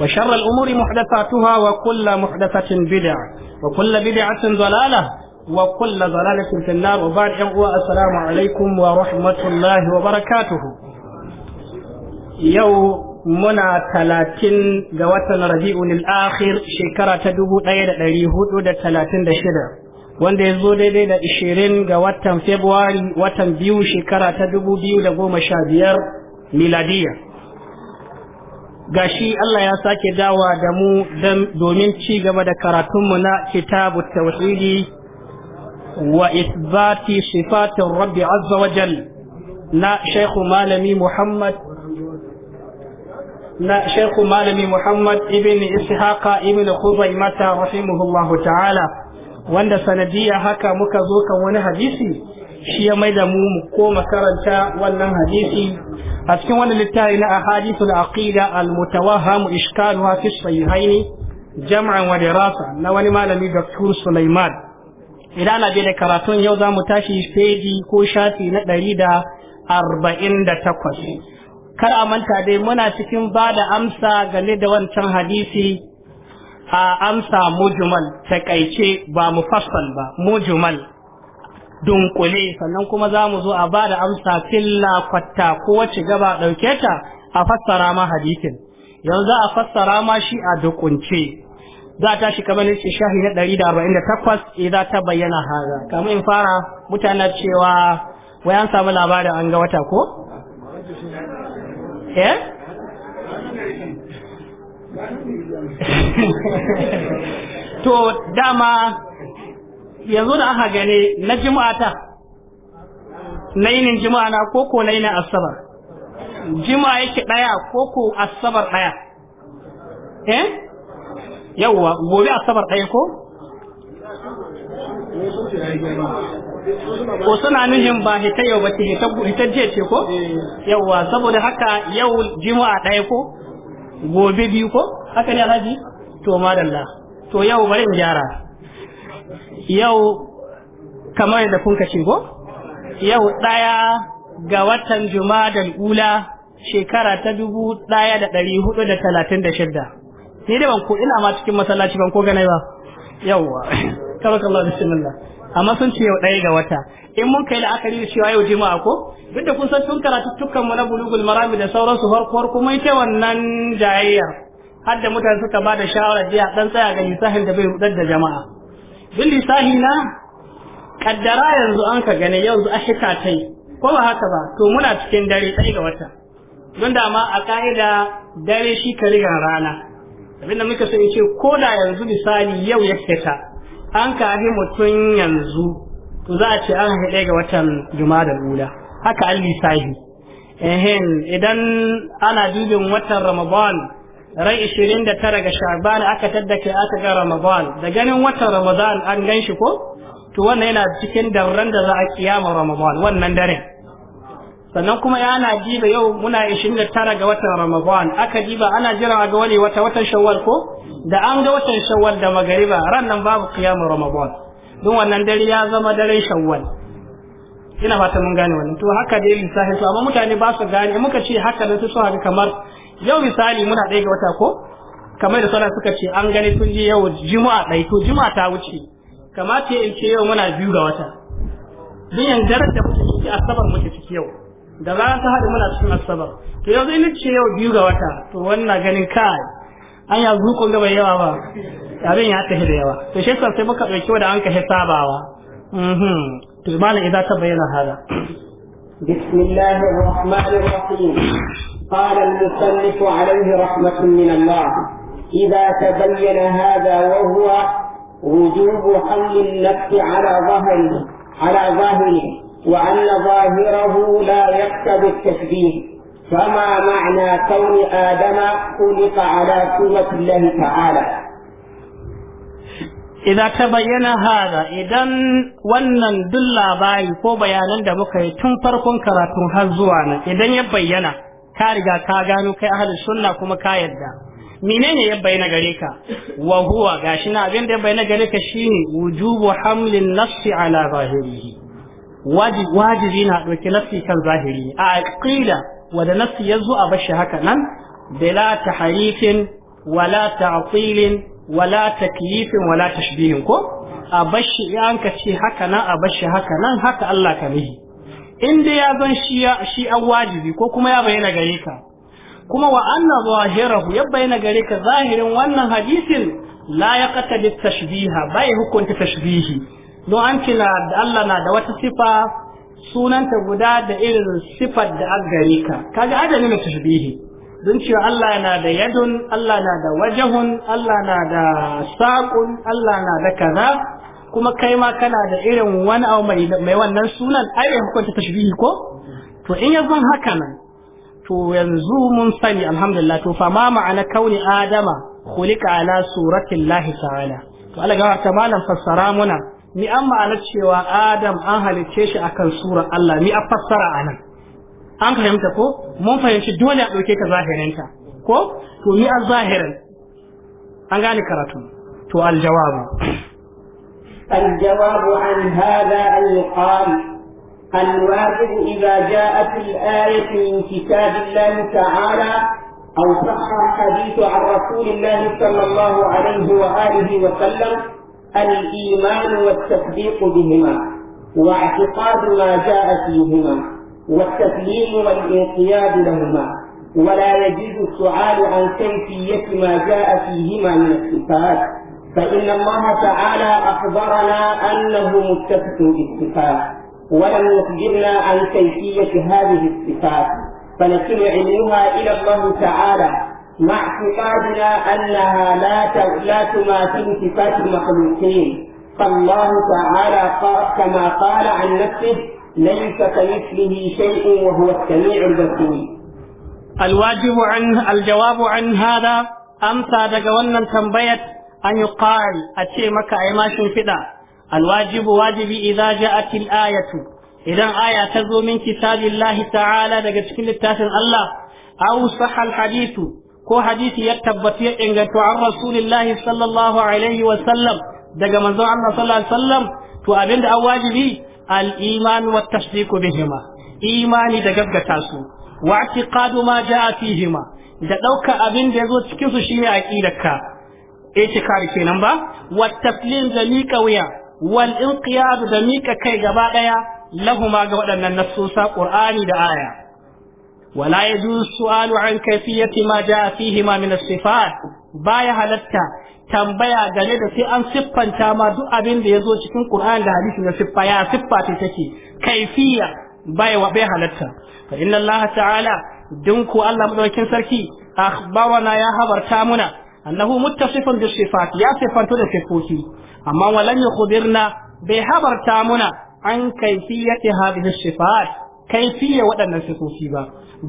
وشر الأمور محدثاتها وكل محدثة بدعة وكل بدعة ضلالة وكل ضلالة في النار وبعد السلام عليكم ورحمة الله وبركاته Yau muna talatin ga watan rabi'un al shekara ta dubu ɗaya da ɗari hudu da talatin da shida wanda ya zo daidai da ishirin ga watan februari watan biyu shekara ta dubu biyu da goma sha biyar miladiya gashi Allah ya sake dawa da mu domin ci gaba da karatunmu na kitabu tauhidi wa isbati sifatin rabbi azza wa jal na shaikhu malami muhammad na shaikhu malami muhammad ibn ishaqa ibn khuzaimata rahimahullahu ta'ala wanda sanadiyya haka muka zo kan wani hadisi shi ya mai da mu mu koma karanta wannan hadisi a cikin wannan littafi na ahadithul aqida al mutawahham ishkaluha fi sahihain jam'an wa dirasa na wani malami Dr. Sulaiman idan ana da karatun yau za mu tashi feji ko shafi na ɗari da arba'in da takwas kar a manta dai muna cikin ba da amsa game da wancan hadisi a amsa mujmal takaice ba mufassal ba mujmal dunkule sannan kuma za mu zo a ba da amsa filla kwatta ko wacce gaba ɗauke ta a fassara ma hadisin yanzu za a fassara ma shi a dukunce za ta shi kamar nace shahi na 148 idan eh, ta bayyana haza kamar in fara mutana cewa wai an samu labarin an ga wata ko eh to dama yanzu da aka gane na jima'a ta na yinin jima'a na koko na yinin asabar jima'a yake ɗaya koko asabar ɗaya eh yawwa gobe asabar ɗaya ko ko suna nuhin ba hita yau ba ce hita jiya ce ko yawwa saboda haka yau jima'a ɗaya ko gobe biyu ko haka ne alhaji to madalla to yau bari in gyara yau kamar da kun kace go yau ɗaya ga watan da ula shekara ta dubu ɗaya da ɗari hudu da talatin da shida ni da ban ko ina ma cikin masallaci ban ko ganai ba da tabarakallah bismillah amma sun ce yau ɗaya ga wata in mun kai la'akari da cewa yau juma'a ko duk da kun san tun karatu mu na bulugul marami da sauransu farko kuma ita wannan jayayya har da mutane suka ba da shawarar jiya dan tsaya ga misahin da bai rudar da jama'a bin lisahi na kaddara yanzu an ka gane yanzu a shika tai ko ba haka ba to muna cikin dare sai ga wata don da ma a ka'ida dare shi ka riga rana abinda muka so ce ko da yanzu misali yau ya fita an kafi mutum yanzu to za a ce an haɗe ga watan juma'a da lula haka an lisahi idan ana dubin watan ramadan ran 29 ga Sha'ban aka taddake aka ga Ramadan da ganin watan Ramadan an gan shi ko to wannan yana cikin darren da za a kiyama Ramadan wannan dare sannan kuma ana jiba yau muna 29 ga watan Ramadan aka jiba ana jiran a ga wani wata watan Shawwal ko da an ga watan Shawwal da magariba ran nan babu kiyama Ramadan don wannan dare ya zama daren Shawwal ina fata mun gane wannan to haka dai lissafi to amma mutane ba su gane muka ce haka da su haka kamar yau misali muna ɗaya ga wata ko kamar da sauran suka ce an gani sun je yau juma'a ɗai to juma'a ta wuce kamata in ce yau muna biyu ga wata din yangarar da muke ciki asabar muke ciki yau da ranar ta haɗu muna cikin asabar to yau zai ce yau biyu ga wata to wannan ganin kai an ya zuƙo gaba yawa ba abin ya tafi da yawa to shi sai muka ɗauki wanda an ka kashe sabawa mhm. to malam idan ta bayyana haka بسم الله الرحمن الرحيم قال المصنف عليه رحمة من الله إذا تبين هذا وهو وجوب حمل النفس على ظهره على ظاهره وأن ظاهره لا يقتضي التشبيه فما معنى كون آدم خلق على صورة الله تعالى إذا تبين هذا إذا ونن wannan باي فو بيانا bayanan تنفر muka yi إذا farkon ka riga ka gano kai ahlus sunna kuma ka yadda menene ya bayyana gare ka wa huwa gashi na abin da ya bayyana gare ka shine wujubu hamlin nafsi ala zahirihi wajibi na ɗauki nafsi kan zahiri a aqida wanda nafsi ya zo a bashi haka nan bila tahrifin wala ta'tilin wala takyifin wala tashbihin ko a bashi an ce haka nan a bashi haka nan haka Allah ka mihi in dai ya zan shi shi an wajibi ko kuma ya bayyana gare ka kuma wa anna zahirahu ya bayyana gare ka zahirin wannan hadisin la yaqtadi tashbiha bai hukunta tashbihi don an ce na Allah na da wata sifa sunanta guda da irin sifar da an gare ka kaga adami na tashbihi don cewa Allah na da yadun Allah na da wajahun Allah na da saƙun Allah na da kaza kuma kai ma kana da irin wani abu mai mai wannan sunan ai ya hukunta tashbihi ko to in ya zan haka nan to yanzu mun sani alhamdulillah to fa ma ma'ana kauni adama khuliqa ala surati llahi ta'ala to Allah ga ta malam fassara muna ni an ma'ana cewa adam an halicce shi akan sura Allah ni a fassara anan an fahimta ko mun fahimci dole a dauke ka zahirinta ko to ni a zahirin an gane karatu to aljawabu الجواب عن هذا أن يقال الواجب إذا جاءت الآية من كتاب الله تعالى أو صح الحديث عن رسول الله صلى الله عليه وآله وسلم الإيمان والتصديق بهما واعتقاد ما جاء فيهما والتسليم والانقياد لهما ولا يجوز السؤال عن كيفية ما جاء فيهما من الصفات فإن الله تعالى أخبرنا أنه متصف بالصفات ولم يخبرنا عن كيفية هذه الصفات فنكل علمها إلى الله تعالى مع اعتقادنا أنها لا لا تماثل صفات المخلوقين فالله تعالى كما قال عن نفسه ليس كمثله شيء وهو السميع البصير الواجب عن الجواب عن هذا أمسى دقونا تنبيت an yi qal a ce maka yi ma shimfiɗa alwajibu wajibi a ja'at ayatu idan aya ta zo min kitabillahi ta'ala daga cikin littafin Allah aw sahha alhadithu ko hadisi ya tabbata ya inganta an rasulillahi sallallahu alaihi wa sallam daga manzon Allah sallallahu alaihi wa sallam to abinda an wajibi al-iman wa tasdiq bihima imani da gaggata su wa i'tiqadu ma jaa fihima da dauka abin da yazo cikin su shine aqidarka itikari kenan ba wa taslim da miƙa wuya wal inqiyad da mika kai gaba daya lahuma ga waɗannan nassosa qur'ani da aya wala yajuz su'alu an kayfiyati ma jaa fihi ma min as-sifat baya halatta tambaya game da sai an siffanta ma duk abin da yazo cikin qur'ani da hadisi na siffa ya siffa ta take kayfiya bai wa bai halatta fa inna allaha ta'ala dinku Allah madaukakin sarki akhbarana ya habarta muna annahu muttasifun bi sifat ya sifantu da sifofi amma walam yukhbirna bai habarta muna an kaifiyati hadhihi sifat ya waɗannan sifofi ba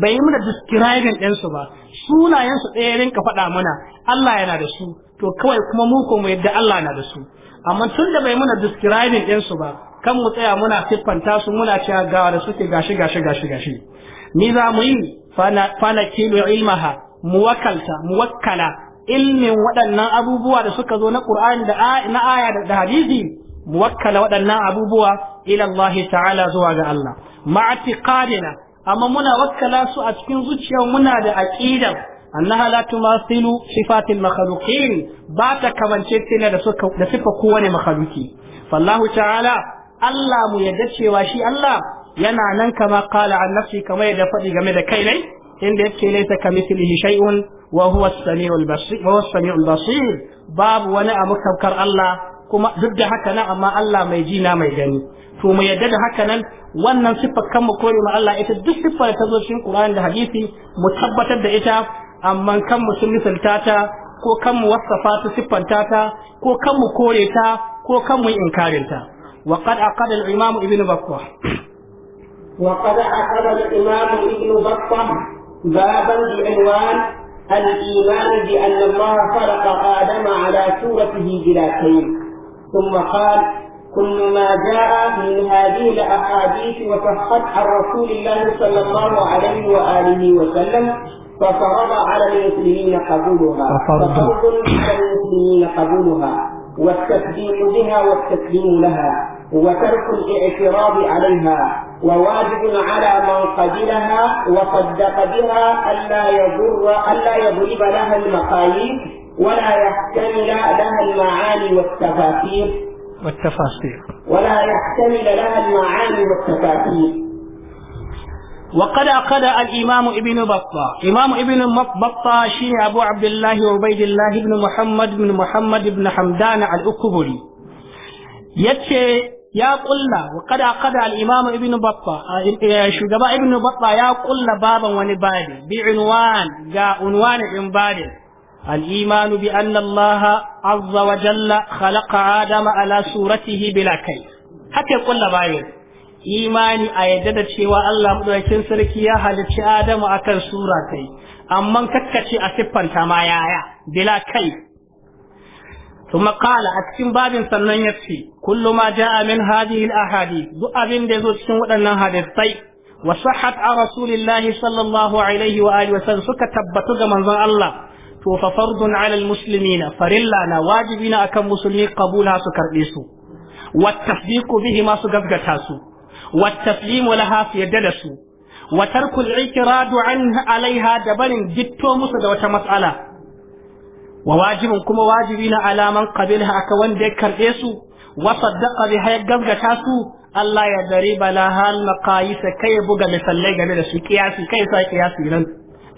bai yi muna describing ɗin su ba sunayen su ɗaya rinka faɗa mana Allah yana da su to kawai kuma mu ko mu yadda Allah na da su amma tun da bai muna describing ɗin su ba kan mu tsaya muna siffanta su muna cewa ga da suke gashi gashi gashi gashi ni za mu yi fana kilu ilmaha muwakalta muwakkala ilmin waɗannan abubuwa da suka zo na Qur'ani da na aya da hadisi muwakkala waɗannan abubuwa ila Allah ta'ala zuwa ga Allah ma'atiqadina amma muna wakkala su a cikin zuciyar muna da aqidar annaha la tumasilu sifatil makhluqin ba ta kamance tana da suka da sifa kowane makhluki fallahu ta'ala Allah mu yadda cewa shi Allah yana nan kama kala an nafsi kamar yadda faɗi game da kai ne inda yake laysa kamithlihi shay'un wa huwa as-sami'ul basir wa huwa as-sami'ul basir babu wani abu kamkar Allah kuma duk da haka nan amma Allah mai ji na mai gani to mu yadda da haka nan wannan siffar kan mu kore ma Allah ita duk siffar ta zo cikin Qur'ani da hadisi mu tabbatar da ita amma kan mu sun misalta ta ko kan mu wasafa ta siffanta ta ko kan mu kore ta ko kan mu inkarin ta wa qad aqada al-imam ibn battah وقد عقد الإمام ابن بطة بابا بعنوان الإيمان بأن الله خلق آدم على صورته بلا كيل ثم قال كل ما جاء من هذه الأحاديث وصحت عن رسول الله صلى الله عليه وآله وسلم ففرض على المسلمين قبولها ففرض على المسلمين قبولها والتسليم بها والتسليم لها وترك الاعتراض عليها وواجب على من قبلها وصدق بها ألا يضر ألا يضرب لها المقاييس ولا يحتمل لها المعاني والتفاسير والتفاسير ولا يحتمل لها المعاني والتفاسير وقد أخذ الإمام ابن بطة إمام ابن بطة شين أبو عبد الله وعبيد الله بن محمد بن محمد بن حمدان الأكبري يتشي ya kulla wa kada kada al-imam ibn batta shugaba ibn batta ya kulla baban wani babi bi unwan ga unwan ibn badin al-iman bi anna Allah azza wa jalla khalaqa adama ala suratihi bila kai haka kulla bayin imani a yadda da cewa Allah madaukakin sarki ya halicci Adamu akan sura kai amma kakkace a siffanta ma yaya bila kai ثم قال أتكين باب سنن يتفي كل ما جاء من هذه الأحاديث دو أبن دزو تكين ودنا هذا الطيب وصحت عن رسول الله صلى الله عليه وآله وسلم سكتبتك من ذا الله to fa fardun ala almuslimina farilla na wajibi na akan musulmi qabula su karbe su wat tasdiqu bihi ma su gaskata su wat taslimu laha su da su wa alaiha da barin musu da wata matsala. wa wajibin kuma wajibi na alaman qabilha aka wanda ya karɓe su wa saddaqa biha ya gaggata su Allah ya dare bala hal maqayis kai buga misallai game da su kiyasi kai sa kiyasi nan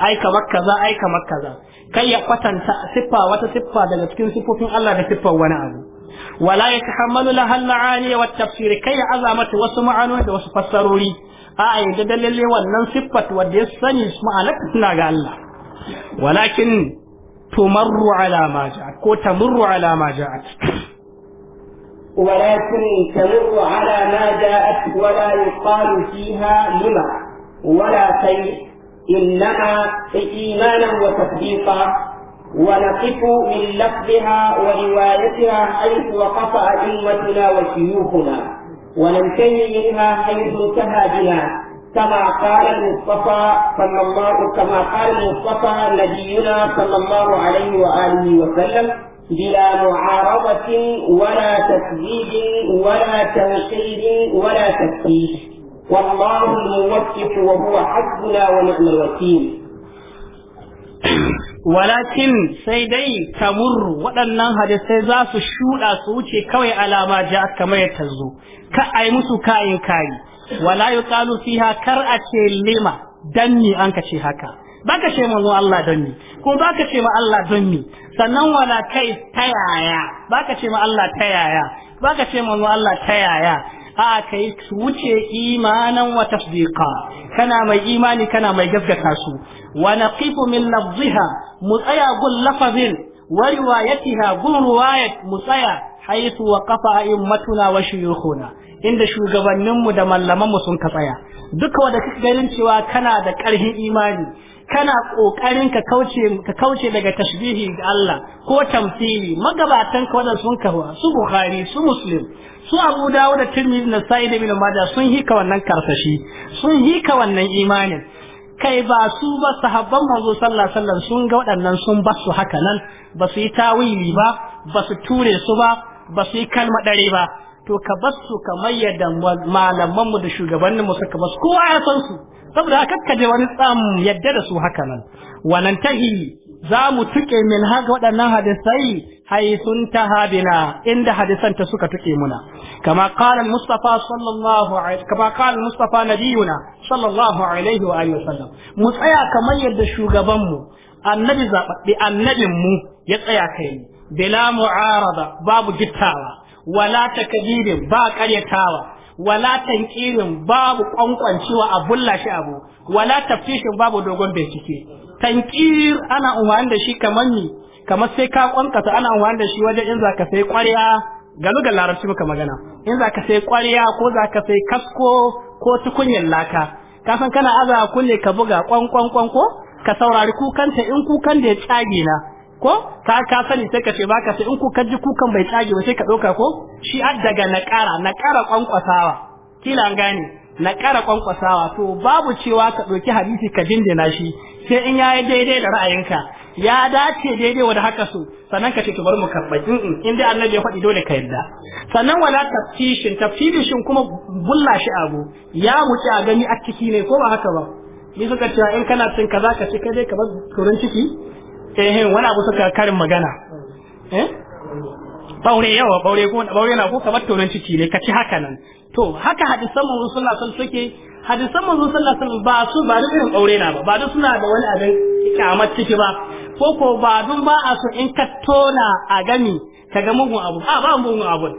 ai kamar kaza ai kamar kaza kai ya kwatanta siffa wata siffa daga cikin siffofin Allah da siffar wani abu wala yatahammalu la al-ma'ani wa at-tafsir kai ya azamata wasu ma'anoni da wasu fassarori a yadda da lalle wannan siffat wanda ya sani ma'anar tana ga Allah walakin تمر على ما جاءت كو تمر على ما جاءت ولكن تمر على ما جاءت ولا يقال فيها لما ولا شيء إنما إيمانا وتصديقا ونقف من لفظها وروايتها حيث وقف أئمتنا وشيوخنا وننتهي منها حيث انتهى بنا كما قال المصطفى صلى الله كما قال المصطفى نبينا صلى الله عليه وآله وسلم بلا معارضة ولا تكذيب ولا تنقيب ولا تكفير والله الموفق وهو حسبنا ونعم الوكيل walakin sai dai tamur waɗannan hadisai za su shuɗa su wuce kawai alama ja kamar ta zo ka ai musu kayin kari wala yuqalu fiha kar a ce lima dan ni an ka ce haka ka ce manzo Allah don ni ko baka ce ma Allah don ni sannan wala kai ta yaya ka ce ma Allah ta yaya ka ce manzo Allah ta yaya a kai wuce imanan wa tasdiqa kana mai imani kana mai gaskata su wa naqifu min lafziha mu tsaya gun lafazin wa riwayatiha gun riwayat mu tsaya haisu wa kafa matuna wa shuyukhuna inda shugabanninmu da mallamanmu sun ka tsaya duka wanda kake ganin cewa kana da ƙarfin imani kana ƙoƙarin ka kauce ka kauce daga tashbihi ga Allah ko tamthili magabatan ka wanda sun kawa su Bukhari su Muslim su Abu Dawud da Tirmidhi da Sa'id ibn Majah sun hika wannan karsashi sun hika wannan imanin kai ba su ba sahabban manzo sallallahu alaihi wasallam sun ga waɗannan sun ba su haka nan ba su yi tawili ba ba su ture su ba ba su yi kalma dare ba to ka bar su kamar yadda malamanmu da shugabanninmu suka bar kowa ya san su saboda haka ka wani tsam yadda da su haka nan wannan tahi za mu tuke min haka waɗannan hadisai haisun ta habina inda hadisan ta suka tuke muna kama qala mustafa sallallahu alaihi kama mustafa nabiyuna sallallahu alaihi wa alihi wasallam mu tsaya kamar yadda shugabanmu annabi zababbe annabin mu ya tsaya kai bila mu'arada babu gittawa wala takdirin ba karyatawa wala tankirin babu kwankwancewa a bulla shi abu wala tafsishin babu dogon bincike tankir ana umarni da shi kamar ni kamar sai ka kwankata ana umarni da shi wajen in zaka sai kwarya ga lugar larabci muka magana in zaka sai kwarya ko zaka sai kasko ko tukunyar laka ka san kana aza kunne ka buga kwankwankwan ko ka saurari kukanta in kukan da ya tsage na ko ka ka sani sai ka ce baka sai in ku ji kukan bai tsage ba sai ka dauka ko shi ad daga na ƙara na ƙara kwankwasawa kila an gane na ƙara kwankwasawa to babu cewa ka dauki hadisi ka dindina shi sai in yayi daidai da ra'ayinka ya dace daidai wa haka so sannan ka ce to bari mu karɓa in dai annabi ya faɗi dole ka yarda sannan wala tafsishin tafsishin kuma bulla shi abu ya wuce a gani a ciki ne ko ba haka ba ni suka cewa in kana cin kaza ka ci kai dai ka bar turan ciki eh wani abu suka karin magana eh baure yawa baure ko baure na ko kamar tonon ciki ne kaci haka nan to haka hadisan manzo sallallahu alaihi wasallam suke hadisan manzo sallallahu alaihi wasallam ba su ba da irin baure na ba ba da suna da wani abin kyamar ciki ba ko ko ba dun ba a so in ka tona a gami ka ga mugun abu a ba mugun abu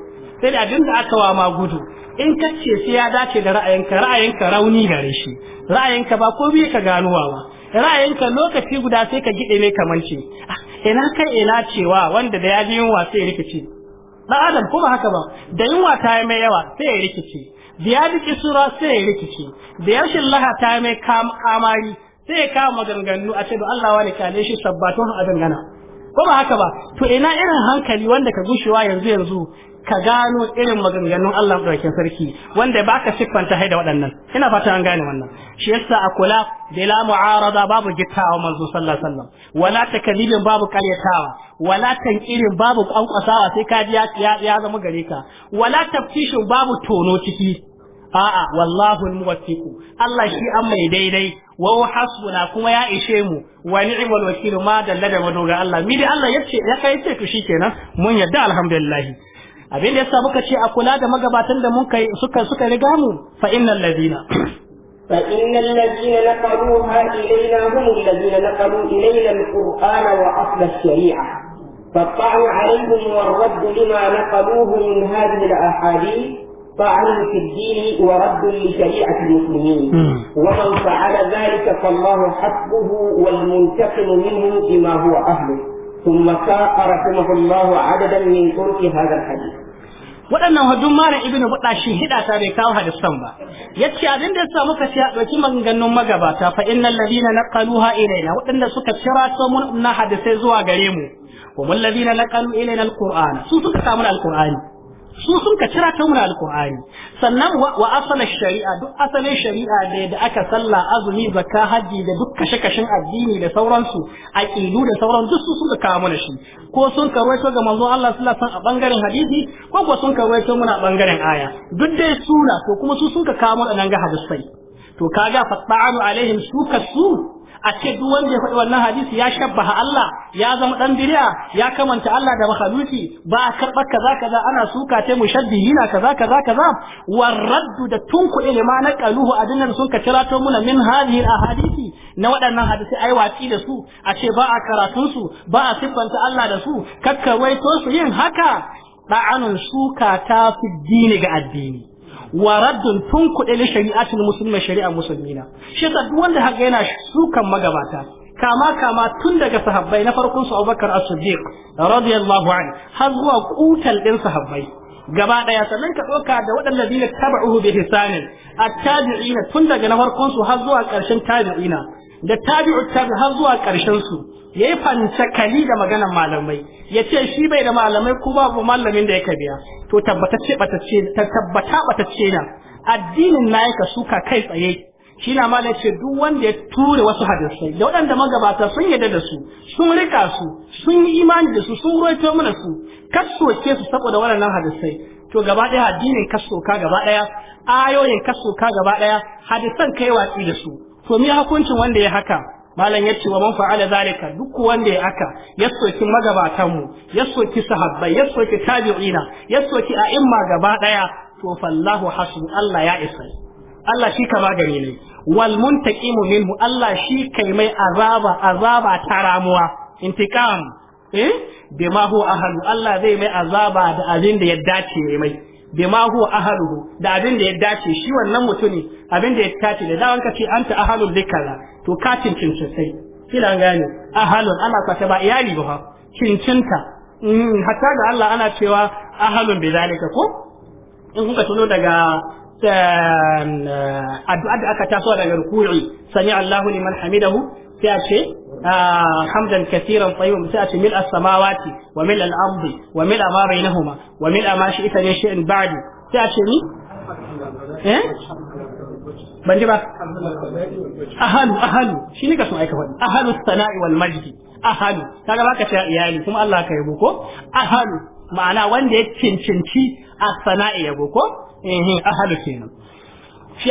sai da abin da aka wa ma gudu in ka ce sai ya dace da ra'ayinka ra'ayinka rauni gare shi ra'ayinka ba ko bi ka ganuwa ba ra'ayinka lokaci guda sai ka gide mai kamar ah, ina kai ina cewa wanda da ya ji yunwa sai ya rikice dan adam kuma haka ba da yunwa ta yi mai yawa sai ya rikice da ya ji kisura sai ya rikice da yashin laha ta yi mai kamari sai ya kama maganganu a ce da Allah wani kyale shi sabbatun a dangana ko haka ba to ina irin hankali wanda ka gushewa yanzu yanzu ka gano irin maganganun Allah madaukakin sarki wanda baka siffanta haida waɗannan ina fata an gane wannan shi yasa a kula bila mu'arada babu gittawa manzo sallallahu alaihi wasallam wala takdibin babu karyatawa wala tankirin babu kwankwasawa sai ka ji ya zama gare ka wala taftishin babu tono ciki a'a wallahu almuwaffiq Allah shi an mai daidai wa hasbuna kuma ya ishe mu wa ni'mal wakil ma dalla da madoga Allah mi dai Allah yace ya kai ce to shikenan mun yadda alhamdulillah abin da yasa muka ce a kula da magabatan da muka suka suka riga mu fa innal ladina فإن الذين نقلوها إلينا هم الذين نقلوا إلينا القرآن وأصل الشريعة فالطعن عليهم والرد لما نقلوه من هذه الأحاديث طعن في الدين ورد لشريعة المسلمين ومن فعل ذلك فالله حسبه والمنتقم منه بما هو أهله ثم ساق رحمه الله عددا من طرق هذا الحديث waɗannan hujjun malam ibnu buɗa shi hida ta bai kawo hadisan ba yace abin da yasa muka ci a ɗauki maganganun magabata fa innal ladina naqaluha ilaina waɗanda suka cira su mun na hadisai zuwa gare mu wa mun ladina naqalu ilaina alqur'ana su suka samu alqur'ani su sun ka cira ta muna alkur'ani sannan wa asala shari'a duk asalin shari'a da da aka sallah azumi zakka haji da duk kashe kashin addini da sauransu aqidu da sauran duk su sun kawo mana shi ko sun karwaito ga manzo Allah sallallahu alaihi a bangaren hadisi ko ko sun karwaito muna bangaren aya duk dai suna to kuma su sun ka kawo mana nan ga hadisai to kaga fatba'anu alaihim su kasu a ce duk wanda ya faɗi wannan hadisi ya shabbaha Allah ya zama ɗan bid'a ya kamanta Allah da makhluki ba a karɓar kaza kaza ana suka ta mushabbihina kaza kaza kaza Wa raddu da tunku ilma na qaluhu dinar sun ka tirato muna min hadhihi ahadisi na waɗannan hadisi ai watsi da su a ce ba a karatun su ba a siffanta Allah da su kakkarwaito su yin haka da'anun suka ta fi dini ga addini wa raddun tun kuɗe li shari'atul muslimin shari'a musulmina shi yasa duk wanda haka yana sukan magabata kama kama tun daga sahabbai na farkon su Abubakar As-Siddiq radiyallahu anhu har zuwa kutal din sahabbai gaba daya sannan ka ɗauka da waɗanda dina taba'uhu bi hisanin at-tabi'ina tun daga na farkon su har zuwa ƙarshen tabi'ina da tabi'u tabi har zuwa ƙarshen su ya yi fancakali da maganar malamai ya ce shi bai da malamai ko babu malamin da ya biya to tabbatacce batacce tabbata batacce na addinin na yaka suka kai tsaye shi na malam ce duk wanda ya ture wasu hadisai da waɗanda magabata sun yarda da su sun rika su sun yi imani da su sun roito mana su kasoce su saboda waɗannan hadisai to gaba ɗaya addinin kasoka gaba ɗaya ayoyin kasoka gaba ɗaya hadisan kai watsi da su to me hukuncin wanda ya haka malam yace wa man fa'ala zalika duk wanda ya aka ya soki magabatan mu ya soki sahabbai ya soki tabi'ina ya soki a'imma gaba daya to fallahu hasbu Allah ya isa Allah shi kama gare ne wal muntaqimu minhu Allah shi kai mai azaba azaba ta ramuwa intiqam eh bima huwa ahlu Allah zai mai azaba da abin da ya dace mai ma huwa ahaluhu da abin da ya dace shi wannan mutumi abin da ya tace da dawan ka ce anta ahalul likala to ka cincince sai kila gane ahalul ana kwace ba iyali ba cincinta mm, hatta da Allah ana cewa ahalun bi zalika ko in kuka tuno daga eh, addu'a da aka taso daga ruku'i sami Allahu liman hamidahu sai a ce ah, hamdan kasiran tayyiban sai a ce mil as-samawati wa mil al wa mil ma bainahuma wa mil ma shi'ta min shay'in ba'du sai a ce ni eh ban ba ahalu ahalu shine ka sun aika faɗi ahalu sana'i wal majdi ahalu kaga baka ta iyali kuma Allah ka yabo ko ahalu ma'ana wanda ya cincinci a sanai yabo ko eh, eh ahalu kenan shi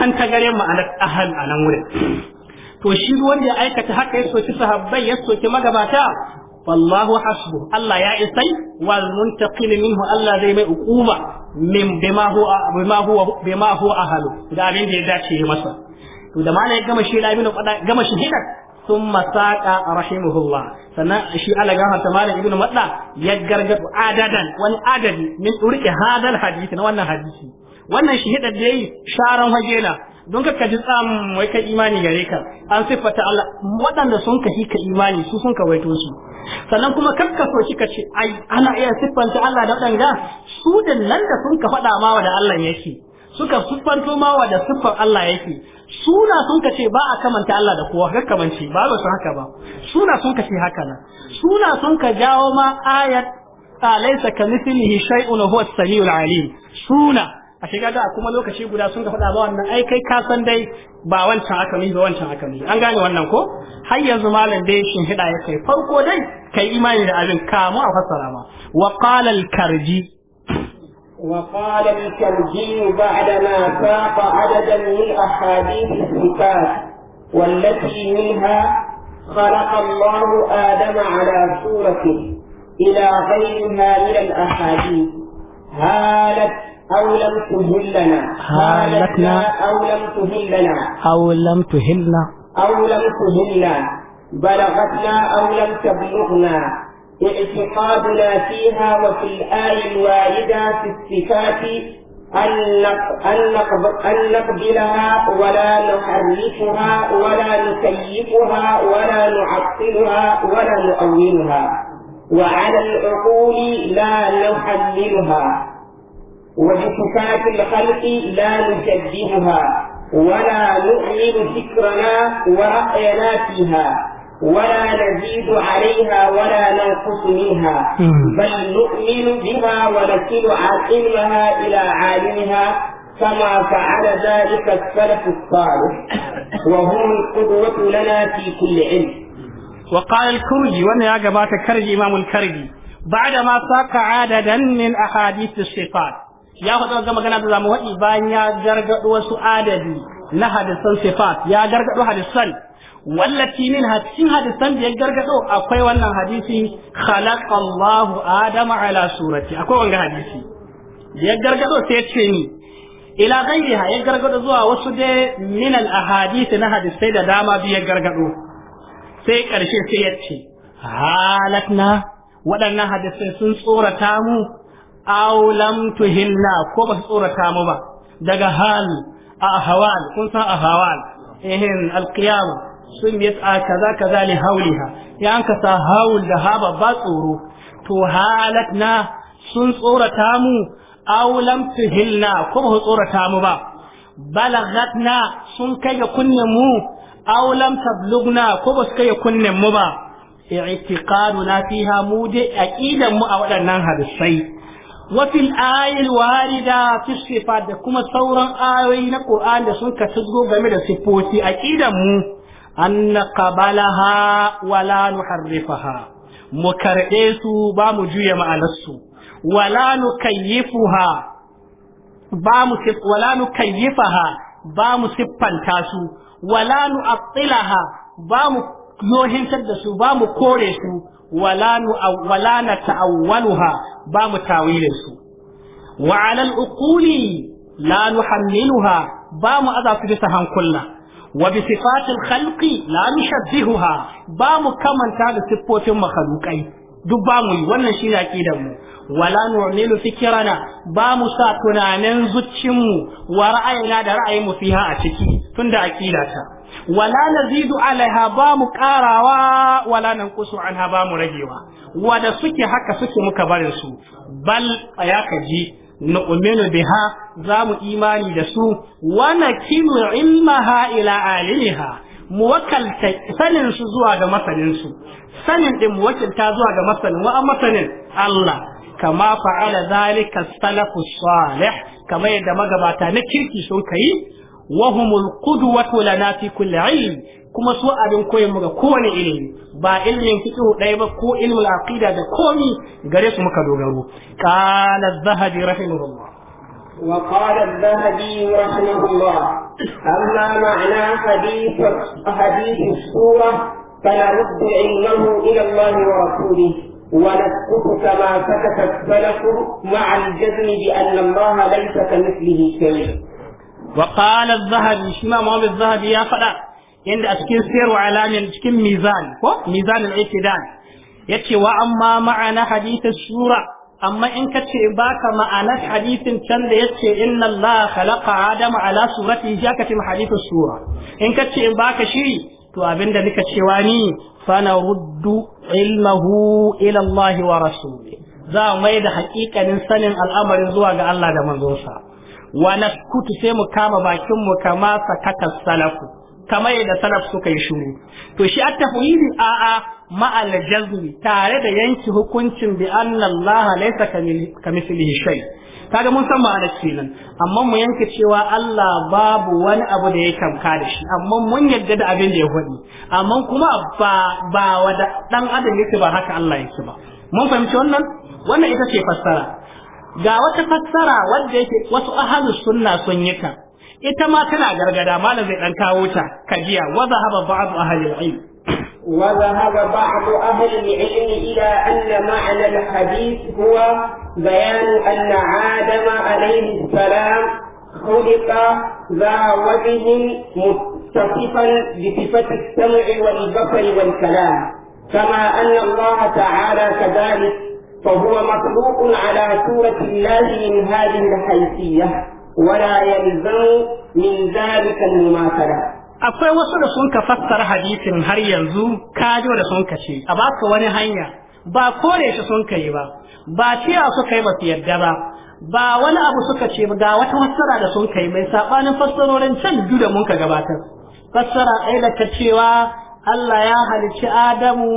kan tagare ma'anar ahal a nan wurin to shi wanda ya aikata haka ya soki sahabbai ya soki magabata wallahu hasbu Allah ya isai wal muntaqim minhu Allah zai mai uquba min bima huwa bima huwa bima huwa ahlu da abin da ya dace masa to da malai gama shi labin gama shi hidan thumma saqa rahimahullah sannan shi Allah ga hanta malai ibnu madda ya gargadu adadan wani adadi min turki hadal hadisi na wannan hadisi wannan shi hidan da yayi sharan hajena. don ka ji tsam wai ka imani gare ka an siffata Allah waɗanda sun ka ka imani su sun ka waito su sannan kuma kar ka so ka ce ai ana iya siffanta Allah da waɗanda su da nan da sun ka faɗa ma wa da Allah yake suka siffanto ma wa da siffar Allah yake suna sun ka ce ba a kamanta Allah da kowa kar kamance ba ba su haka ba suna sun ka ce haka nan suna sun ka jawo ma ayat alaysa kamithlihi shay'un huwa as-sami'ul alim suna a shiga da kuma lokaci guda sun ga faɗa ba wannan ai kai ka san dai ba wancan aka ba wancan aka an gane wannan ko har yanzu malam dai shin hida ya kai farko dai kai imani da abin mu a fassara ma wa qala al-karji wa qala al karji وقال الكرجي بعدما ساق عددا من أحاديث الصفات والتي منها خلق الله آدم على صورته إلى غيرها من الأحاديث هالت أو لم تهلنا هالكنا أو لم تهلنا أو لم تهلنا أو لم تهلنا بلغتنا أو لم تبلغنا اعتقادنا فيها وفي الآية الواردة في الصفات أن نقبلها ولا نحرفها ولا نكيفها ولا نعطلها ولا نؤولها وعلى العقول لا نحللها وبصفات الخلق لا نكذبها ولا نؤمن فكرنا ورأينا فيها ولا نزيد عليها ولا ننقص منها بل نؤمن بها ونكل عاقلها إلى عالمها كما فعل ذلك السلف الصالح وهم القدوة لنا في كل علم وقال الكرجي وانا يا جماعة الكرجي إمام الكرجي بعدما ساق عددا من أحاديث الصفات ya faɗa wanzan magana da zama waɗi bayan ya gargaɗo wasu adadi na hadisan sifat ya gargaɗo hadisan wallati min cikin hadisan da ya gargaɗo akwai wannan hadisi khalaqa Allahu Adama ala surati akwai wanga hadisi ya gargaɗo sai ce ni ila ha ya gargaɗo zuwa wasu da min al na hadisai da dama biya gargaɗo sai ƙarshe sai ya ce halatna waɗannan hadisai sun tsorata mu aw lam tuhinna ko ba su tsorata mu ba daga hal a ahwal kun san ahwal ehin alqiyam sun yi kaza kaza li hauliha ya an ka sa haul da haba ba tsoro to halatna sun tsorata mu aw lam tuhinna ko ba su tsorata mu ba balagatna sun kai ga kunnen mu aw lam tablugna ko ba su kai ga kunnen mu ba i'tiqaduna fiha mu da aqidan mu a waɗannan hadisai wafi ayil wari da sifat da kuma sauran ayoyi na ƙur'ani da suka tuzgo game da sifofi a mu an naqbalaha wa la nuharrifaha mu karbe su ba mu juya ma'anar su wa la nukayyifuha ba ba mu siffanta su wa la nu'attilaha ba mu yohin da su ba mu kore su wala wala nata'awwaluha ba mu tawilin su wa 'ala al-uquli la nuhammiluha ba mu bisa hankulla wa bi sifatil khalqi la nushabbihuha ba kamanta da siffofin makaduƙai duk bamu yi. wannan shi aqidar mu wala nu'milu fikrana ba mu sa tunanin zuccin wa ra'ayina da ra'ayin mu fiha a ciki tunda aqida ta wala nazidu alaiha ba mu karawa wala nanqusu anha ba mu ragewa wada suke haka suke muka barin su bal ya kaji nu'minu biha za mu imani da su wa nakilu ilmaha ila mu muwakkalta sanin su zuwa ga masanin su sanin din wakilta zuwa ga masanin wa masanin Allah kama fa'ala zalika salafu salih kamar yadda magabata na kirki sun kai وهم القدوة لنا في كل علم كما سواء أبن كوي مغا كوني علم با علم فتوه دايبا كو إلم العقيدة دا كومي غريس مكادو مكدوغرو قال الزهدي رحمه الله وقال الذهبي رحمه الله أما معنى حديث حديث السورة فلا نرد علمه إلى الله ورسوله ونسكت كما سكت السلف مع الجزم بأن الله ليس كمثله شيء wa qala az-zahabi shi ma zahabi ya faɗa inda a cikin sayarwa alamin cikin mizan ko mizan al-i'tidal yace wa amma ma'ana hadith shura amma in in baka ma'anar hadithin can da yace inna Allah khalaqa adama ala surati shi aka ce hadith shura in ce in baka shi to abinda nika cewa ni fa ruddu ilmahu ila Allah wa rasuli za mai da haƙiƙanin sanin al'amarin zuwa ga Allah da manzonsa wa naskutu sai mu kama bakin mu kama sakata salafu kamar yadda salaf suka yi shuru to shi at-tafwidi a a ma'al jazmi tare da yanki hukuncin bi anna Allah laysa kamithlihi shay kaga mun san ma'ana kenan amma mu yanke cewa Allah babu wani abu da ya kamka da shi amma mun yadda da abin da ya faɗi amma kuma ba ba wada dan adam yake ba haka Allah yake ba mun fahimci wannan wannan ita ce fassara ga wata fassara wanda yake wasu ahalus sunna sun yi ta ita ma tana gargada malam zai dan kawo ta kajiya wa zahaba ba'du ahalil ilm wa zahaba ba'du ahalil ilm ila anna ma'na al hadith huwa bayan anna adam alayhi salam khuliqa za wajhin muttasifan bi sifati as-sam'i wal basari wal kalam kama anna Allah ta'ala kadhalik فهو مخلوق على صورة الله من هذه الحيثية ولا يلزم من ذلك المماثلة akwai wasu da sun ka fassara hadisin har yanzu kajo da sun ka ce a baka wani hanya ba kore shi sun ka yi ba ba cewa suka yi ba su yarda ba ba wani abu suka ce ga wata fassara da sun ka yi mai sabanin fassarorin can biyu da mun ka gabatar fassara ɗaya da ta cewa Allah ya halicci Adamu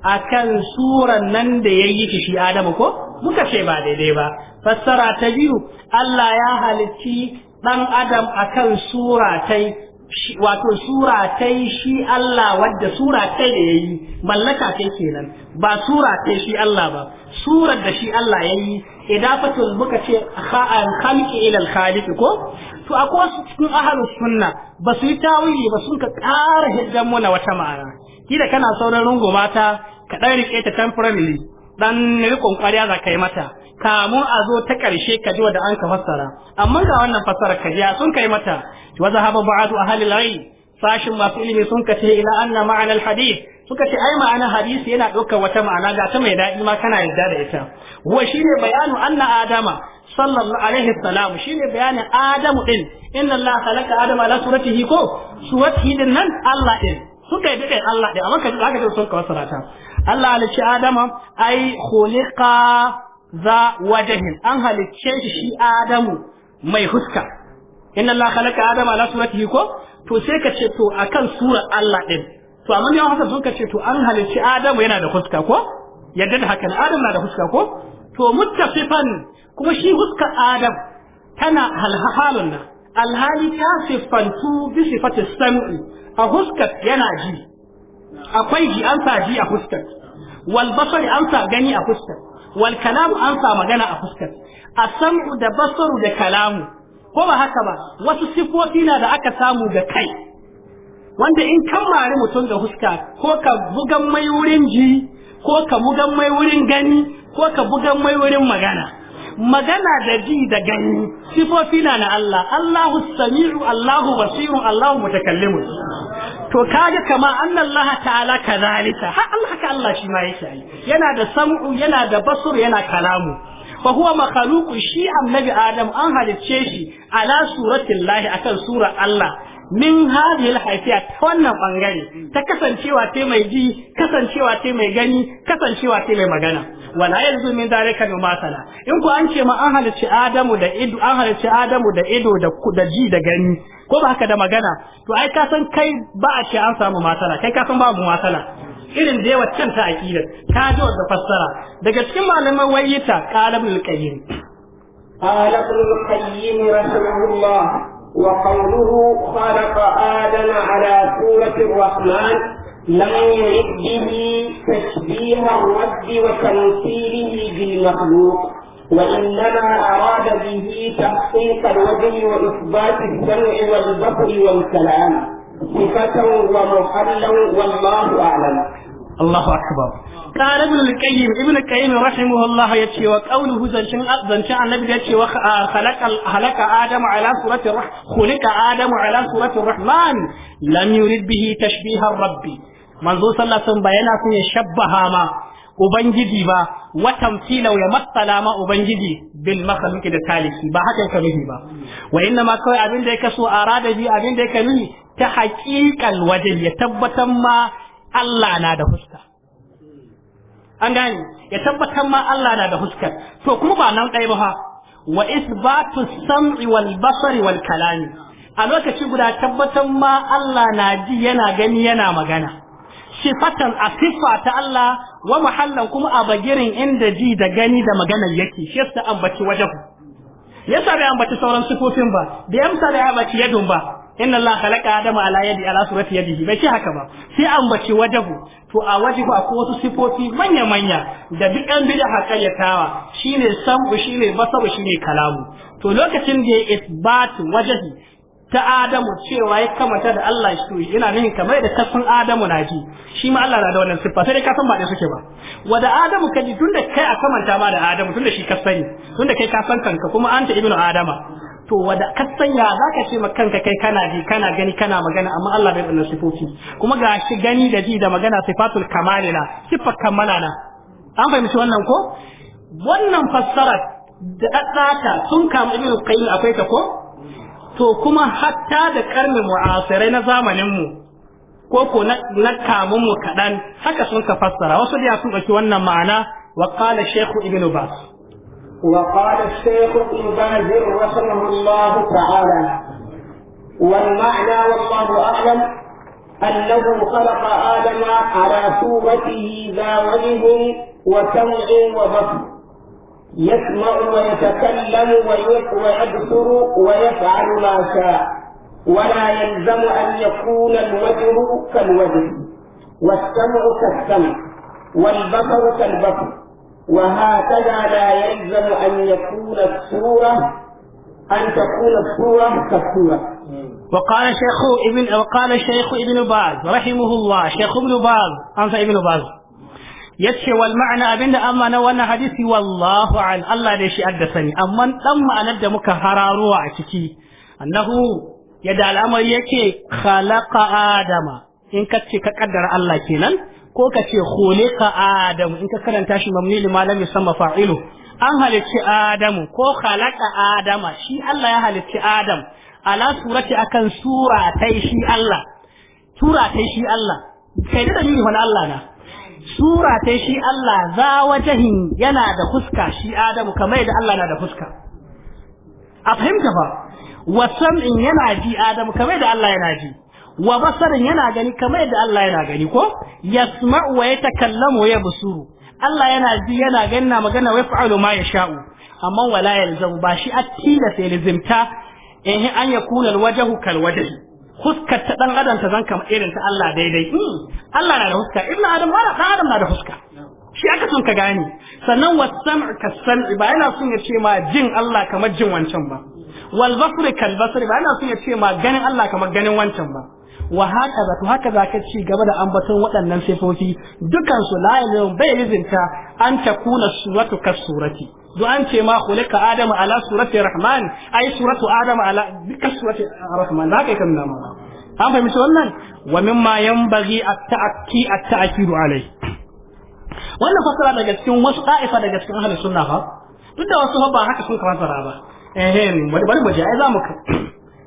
akan suran nan da ya yi shi Adamu ko muka ce ba daidai ba fassara ta biyu Allah ya halicci dan Adam akan sura tai wato sura tai shi Allah wadda sura tai da yayi mallaka kai kenan ba sura tai shi Allah ba surar da shi Allah yayi idafatul muka ce kha'an khalqi ila al-khaliq ko to akwai cikin ahlus sunna ba su yi tawili ba sun ka ƙara hiddan muna wata ma'ana kila kana sauran runguma mata ka dan rike ta temporarily dan rikon kwariya za mata kamun a zo ta karshe ka ji wanda an ka fassara amma ga wannan fassara ka ji sun kai mata wa zahaba ba'du ahli al-ilm sashin masu ilimi sun kace ila anna ma'ana al-hadith suka ce ai ma'ana hadisi yana ɗaukar wata ma'ana ga ta mai daɗi ma kana yarda da ita wa shine bayanu anna adama sallallahu alaihi salam shine bayanin adamu din inna allaha khalaqa adama ala suratihi ko suratihi din nan allah din sun kai dade Allah da amma kaji aka ce sun kawo sarata Allah alishi Adama ai khuliqa za wajhin an halicce shi Adamu mai huska inna Allah khalaqa Adama ala suratihi ko to sai ka ce to akan surar Allah ɗin. to amma yawan haka sun ka ce to an halicci Adamu yana da huska ko yadda da haka Adamu na da huska ko to muttasifan kuma shi huska Adam tana halhalun nan alhali ta siffantu bi sifatis sam'i a huskat yana ji akwai ji an sa ji a huskat wal basar an sa gani a huskat wal kalamu an sa magana a huskat asamu da basaru da kalamu ko ba haka ba wasu sifofi na da aka samu da kai wanda in kan mari mutum da huska ko ka bugan mai wurin ji ko ka bugan mai wurin gani ko ka bugan mai wurin magana magana da ji da gani sifofi na na Allah Allahu sami'u Allahu basiru Allahu mutakallimu to kaga kama anna Allah ta'ala kadhalika ha Allah ka Allah shi ma yake yana da sam'u yana da basur yana kalamu fa huwa makhluqu shi annabi adam an halicce shi ala suratillahi akan sura Allah min hadhihi haifi ta wannan bangare ta kasancewa ce mai ji kasancewa ce mai gani kasancewa ce mai magana wala yanzu min kan masala in ku an ce ma an halice adamu da ido an halice adamu da ido da da ji da gani ko ba haka da magana to ai ka san kai ba a ce an samu masala kai ka san babu masala irin da yawa can ta aqidar ta ji wata fassara daga cikin malaman wayyita ƙalabul qayyim قال qayyim rasulullah وقوله خلق آدم على صورة الرحمن لم يرد به تشبيه الرد وتمثيله بالمخلوق وإنما أراد به تحقيق الوجه وإثبات السمع والبصر والكلام صفة ومحلا والله أعلم Allahu akbar qala ibn al rahimahullah yace wa annabi yace wa ah, halaka adamu adamu ala rahman lam yurid rabbi manzo sallallahu alaihi wasallam bayana shabbaha ma ubangiji ba wa tamthila ya matsala ma ubangiji bil da taliki ba haka yake ba wa kawai abin da so ta ya tabbatar ma Allah na da huska, an gane ya tabbatar ma Allah na da huska, to kuma ba nan ɗaya ba fa wa isbatu sam'i wal basari wal kalami a lokaci guda tabbatar ma Allah na ji yana gani yana magana sifatan a siffa ta Allah wa mahallan kuma a bagirin inda ji da gani da magana yake shi yasa ambaci wajen. yasa bai ambaci sauran sifofin ba bai amsa da ambaci yadun ba inna Allah khalaqa adama ala yadi ala surati yadihi bai ce haka ba sai an bace wajabu to a wajibu akwai wasu sifofi manya manya da duk an bida hakayyatawa shine sam'u shine basabu shine kalamu to lokacin da ya isbat wajahi ta Adamu cewa ya kamata da Allah shi yana nihin kamar da tafin Adamu na ji shi ma Allah na da wannan siffa sai ka san ba da suke ba wada Adamu ka ji tunda kai a kamanta ma da Adamu tunda shi ka sani tunda kai ka san kanka kuma anta ibnu Adama to wada kasan ya za ka ce kanka kai kana ji kana gani kana magana amma Allah bai da sifofi kuma ga shi gani da ji da magana sifatul kamali na sifar an fahimci wannan ko wannan fassara da sun kama ibn qayyim akwai ta ko to kuma hatta da karnin mu'asirai na zamanin mu ko ko na kamun mu kadan haka sun ka fassara wasu da sun ɗauki wannan ma'ana wa qala shaykhu ibn bas وقال الشيخ ابن باز رحمه الله تعالى والمعنى والله أعلم أنه خلق آدم على صورته ذا وجه وسمع وبصر يسمع ويتكلم ويبصر ويفعل ما شاء ولا يلزم أن يكون الوجه كالوجه والسمع كالسمع والبصر كالبصر وهكذا لا يلزم أن يكون السورة أن تكون الصورة كالصورة وقال شيخ ابن وقال شيخ ابن باز رحمه الله شيخ ابن باز أنسى ابن باز yace wal ma'ana abinda amma na wannan hadisi wallahu an Allah da shi addasa ni amma dan ma'anar da muka hararuwa a ciki annahu ya yadda al'amari yake khalaqa adama in ka ce ka kaddara Allah kenan ko ka ce ka Adamu in ka karanta shi mamni lima lam yusamma fa'ilu an halicci adamu ko khalaqa adama shi Allah ya halicci adam ala surati akan sura tai shi Allah sura tai shi Allah kai da dalili wani Allah na sura tai shi Allah za wajahin yana da fuska shi adamu kamar yadda Allah na da fuska a fahimta ba wasan in yana ji adamu kamar yadda Allah yana ji wa basarin yana gani kamar yadda Allah yana gani ko yasma'u wa yatakallamu wa yabsuru Allah yana ji yana gani na magana wa fa'alu ma yasha'u amma wala yalzamu ba shi attila sai lazimta in eh, an yakuna alwajhu kal wajhi huskar ta dan adam ta zan kamar irin ta Allah daidai hmm, Allah na da huska ibnu adam wala dan adam na da huska shi aka son ka gane sannan wasam'u kasam'i ba yana son ya ce ma jin Allah kamar jin wancan ba wal basri kal basri ba yana son ya ce ma ganin Allah kamar ganin wancan ba wa haka to haka za ka ci gaba da ambaton waɗannan sifofi dukan su la yalum bai lizinta an takuna suratu ka surati do an ce ma khulika adamu ala surati rahman ai suratu adamu ala dukkan surati rahman Da ka yi kan nama an fahimci wannan wa mimma yanbaghi at-ta'akki at-ta'kidu alai wannan fasara daga cikin wasu da'ifa daga cikin ahlus sunna fa duk da wasu ba haka sun kamata ba eh eh bari mu je ai za mu kai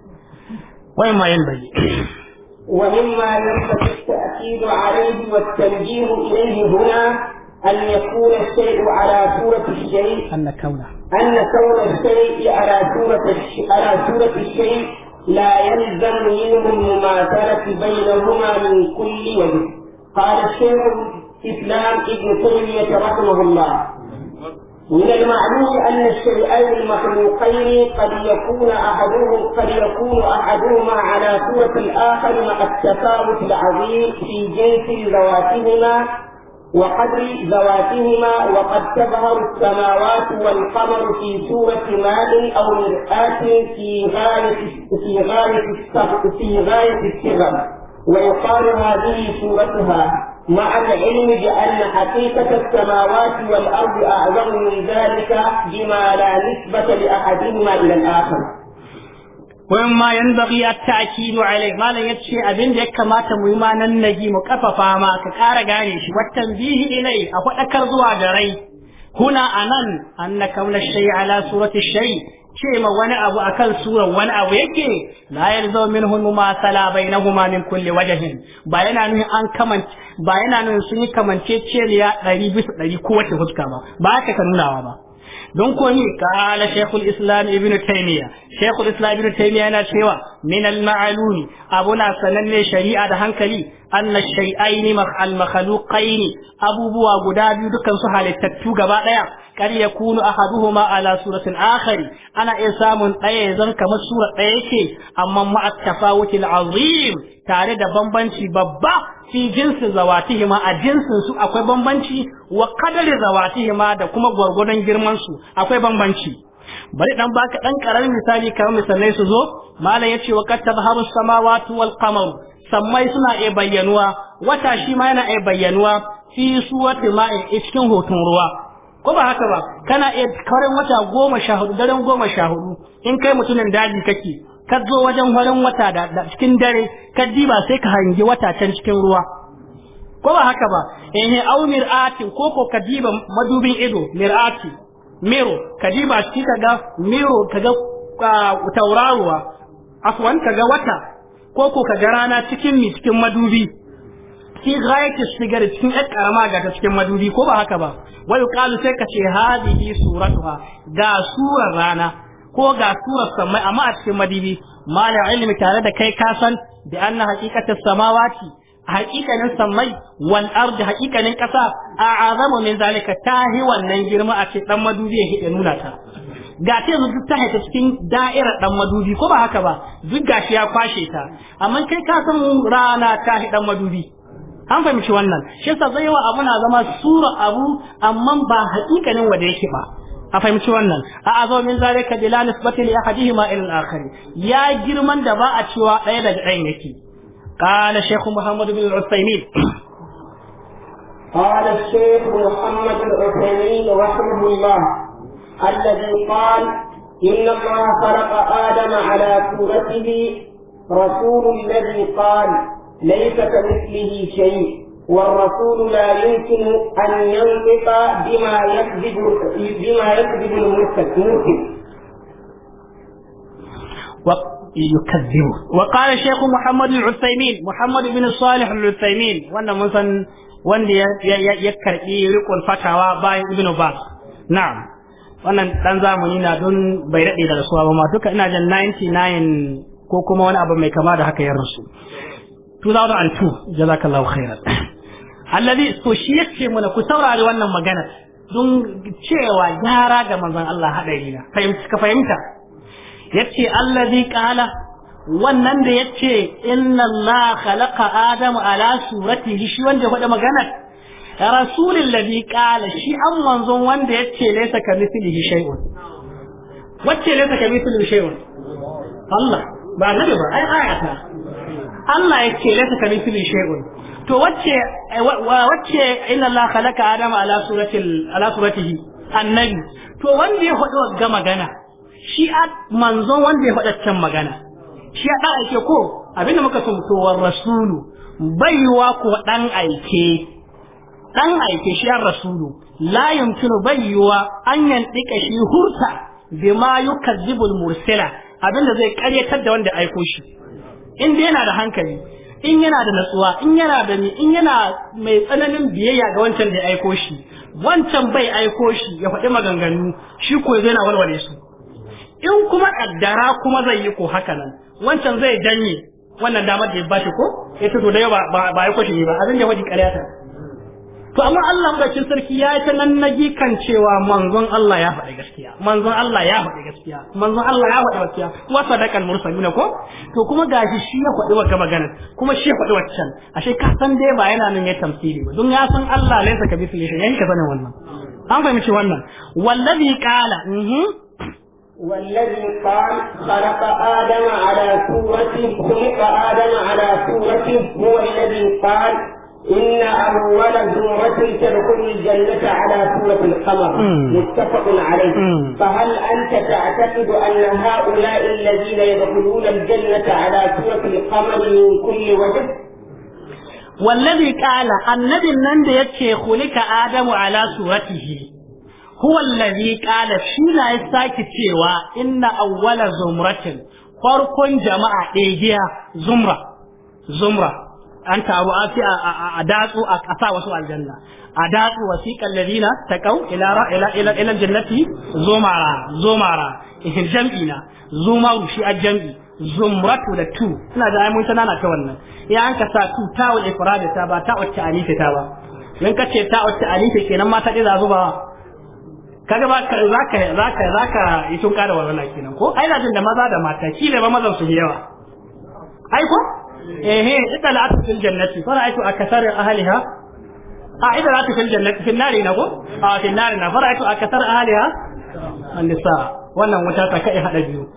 wa mimma yanbaghi ومما ينبغي التأكيد عليه والتنبيه إليه هنا أن يكون الشيء على صورة الشيء أن كونه أن كون الشيء على صورة على صورة الشيء لا يلزم منه المماثلة بينهما من كل وجه قال الشيخ الإسلام ابن تيمية رحمه الله من المعلوم أن الشيئين المخلوقين قد يكون أحدهم قد يكون أحدهما على صورة الآخر مع التفاوت العظيم في جنس ذواتهما وقدر ذواتهما وقد تظهر السماوات والقمر في سورة ماء أو مرآة في غاية في غاية في غاية الصغر ويقال هذه صورتها مع العلم بأن حقيقة السماوات والأرض أعظم من ذلك بما لا نسبة لأحدهما إلى الآخر وإما ينبغي التأكيد عليه ما لا يتشي أبين ديك كما تمويما ننجي مكففا ما كتار غانيش والتنبيه إليه أفو أكر زواج huna anan anna kauna shay ala surati shay ce ma wani abu akan surar wani abu yake la yalzaw minhu mumathala bainahuma min kulli wajhin ba yana nuni ba yana nuni sun yi kamanceceniya 100 ɗari 100 kowace fuska ba ba haka ka nunawa ba don ko ni kala shaykhul islam ibnu taymiya shaykhul islam ibnu taymiya yana cewa min al ma'lumi abuna sananne shari'a da hankali anna shay'aini al makhluqaini abubuwa guda biyu dukan su halittattu gaba daya kar ya yakunu ahaduhuma ala suratin akhari ana iya samun daya zan kamar sura daya yake. amma ma at tafawutil azim tare da bambanci babba fi jinsin zawatihima a jinsin su akwai bambanci wa kadari zawatihima da kuma gwargwadon girman su akwai bambanci bari dan baka dan karamin misali kamar misalai su zo malam yace wa qad tabharu samawati wal qamar sammai suna iya bayyanuwa wata shi ma yana iya bayyanuwa fi suwati ma'in cikin hoton ruwa ko ba haka ba kana iya karin wata goma sha hudu daren goma sha hudu in kai mutumin daji kake ka zo wajen farin wata da cikin dare ka diba sai ka hangi wata can cikin ruwa ko ba haka ba ehe au mir'atin ko ko ka diba madubin ido mir'ati miro ka diba shi ka ga miro ka ga tauraruwa afwan ka ga wata ko ko ka ga rana cikin mi cikin madubi cikin ghaayati figari cikin ɗan karama ga ta cikin madubi ko ba haka ba wai kalu sai ka ce hadihi suratuha ga surar rana ko ga surar samai amma a cikin madubi ma la ilmi tare da kai ka san bi anna haqiqatus samawati haqiqanin samai wal ard haqiqanin kasa a'azamu min zalika tahi wannan girma a cikin dan madubi ya nuna ta ga ce yanzu ta haita cikin da'irar ɗan madubi ko ba haka ba duk gashi ya kwashe ta amma kai ka san rana ta hi ɗan madubi an fahimci wannan shi yasa zaiwa abu na zama sura abu amma ba haƙiƙanin wanda yake ba a fahimci wannan a azo min zalika bila nisbati li ahadihima ila al-akhari ya girman da ba a cewa ɗaya daga ɗayan yake قال الشيخ محمد بن العثيمين قال الشيخ محمد العثيمين رحمه الله الذي قال إن الله خلق آدم على صورته رسول الذي قال ليس كمثله شيء والرسول لا يمكن أن ينطق بما يكذب بما يكذب المرسل يكذبه وقال الشيخ محمد العثيمين محمد بن صالح العثيمين وانا مثلا وانا يكر يرق فتاوى باي ابن باس نعم وانا dan zamani دون don bai daɗe da rasuwa ba ma 99 ko kuma wani ميكما mai kama da 2002 jazakallahu khairan alladhi so shi yace mana ku saurari wannan magana don cewa gyara ga manzon Allah hadari na fahimta ka fahimta yace alladhi qala wannan da yace inna Allah khalaqa adama ala suratihi shi wanda faɗa magana rasulul ladhi qala shi an manzon wanda yace laysa ka mithlihi shay'un wacce laysa ka mithlihi shay'un Allah ba nabi ba ai ayata Allah ya ce laisa ka mithli shay'un to wacce eh, wacce inna Allah khalaqa adama ala surati ala suratihi annabi to wanda ya faɗi ga magana shi a manzon wanda ya faɗa magana shi a ɗan aike ko abinda muka so to rasulu baiwa ko dan aike Dan aike shi a rasulu la yumkinu baiwa an yantika shi hurta bima yukazzibul mursala abinda zai karyatar da wanda aiko shi in dai yana da hankali in yana da natsuwa in yana da ni, in yana mai tsananin biyayya ga wancan da ya aiko shi wancan bai aiko shi ya faɗi maganganu shi ko zai na walwale su in kuma addara kuma zai yi ko haka nan wancan zai janye wannan damar da ya bashi ko ya eh to da yau ba ba aiko shi ne ba abin da wajen ƙarya ta to amma Allah madaukin sarki ya ta nan nagi kan cewa manzon Allah ya faɗi gaskiya manzon Allah ya faɗi gaskiya manzon Allah ya faɗi gaskiya wa mursali ne ko to kuma gashi shi ya faɗi wa magana kuma shi ya faɗi waccan ashe ka san dai ba yana nan ya tamsiri ba don ya san Allah laysa ka bisli shi yayin ka sanin wannan an fahimci wannan wallazi qala mhm والذي قال خلق آدم على صورته خلق آدم على صورته هو الذي قال إن أول زمرة تدخل الجنة على سورة القمر متفق عليه فهل أنت تعتقد أن هؤلاء الذين يدخلون الجنة على سورة القمر من كل وجه والذي قال النبي من يتشي خلق آدم على سورته هو الذي قال شينا يساكي تشيوا إن أول زمرة فرق جماعة إيجيا زمرة زمرة an taru a ce a datsu a ƙasa wasu aljanna a datsu wasiƙan ladina ta kau ila jannati zomara zomara jam'i na zomaru shi a jam'i zumratu da tu ina da mun tana na ta wannan ya an ka sa tu ta wa ifrada ta ba ta wacce alife ta ba in ka ce ta wacce alife kenan ma ta ɗiza zubawa kaga ba ka zaka zaka zaka yi tun kada wannan kenan ko ai na jin da maza da mata ne ba mazan su yawa ai ko ehe ita لا fil jannati fara aitu akasar ahliha a لا la'atu fil jannati fil nari na ko a fil nari na fara aitu akasar ahliha an nisa wannan wuta ta kai hada biyu